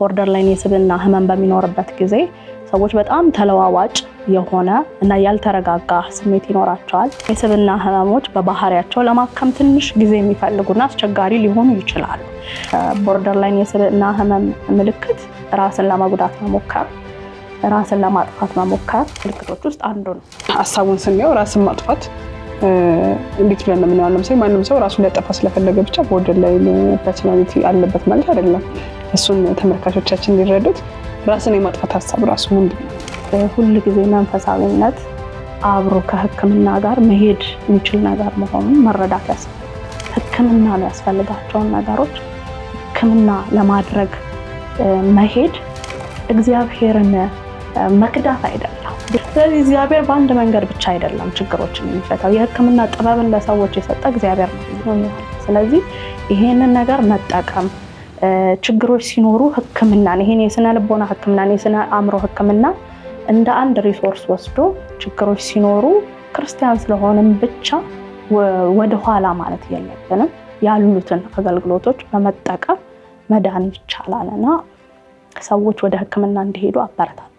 ቦርደር ላይን የስብና ህመም በሚኖርበት ጊዜ ሰዎች በጣም ተለዋዋጭ የሆነ እና ያልተረጋጋ ስሜት ይኖራቸዋል። የስብና ህመሞች በባህሪያቸው ለማከም ትንሽ ጊዜ የሚፈልጉና አስቸጋሪ ሊሆኑ ይችላሉ። ቦርደር ላይን የስብና ህመም ምልክት ራስን ለመጉዳት መሞከር፣ ራስን ለማጥፋት መሞከር ምልክቶች ውስጥ አንዱ ነው። ሀሳቡን ስናየው ራስን ማጥፋት እንዴት ብለን ነው የምንለው? ለምሳሌ ማንም ሰው ራሱን ሊያጠፋ ስለፈለገ ብቻ ቦርደር ላይ ፐርሶናሊቲ አለበት ማለት አይደለም። እሱን ተመልካቾቻችን እንዲረዱት ራስን የማጥፋት ሀሳብ ራሱ ምንድን ሁል ጊዜ መንፈሳዊነት አብሮ ከህክምና ጋር መሄድ የሚችል ነገር መሆኑን መረዳት ያስ ሕክምና የሚያስፈልጋቸውን ነገሮች ህክምና ለማድረግ መሄድ እግዚአብሔርን መክዳት አይደለም። ስለዚህ እግዚአብሔር በአንድ መንገድ ብቻ አይደለም ችግሮችን የሚፈታው። የህክምና ጥበብን ለሰዎች የሰጠ እግዚአብሔር ነው። ስለዚህ ይሄንን ነገር መጠቀም ችግሮች ሲኖሩ ህክምናን ይሄን የስነ ልቦና ህክምና የስነ አእምሮ ህክምና እንደ አንድ ሪሶርስ ወስዶ ችግሮች ሲኖሩ ክርስቲያን ስለሆንም ብቻ ወደኋላ ማለት የለብንም። ያሉትን አገልግሎቶች በመጠቀም መዳን ይቻላል እና ሰዎች ወደ ህክምና እንዲሄዱ አበረታል።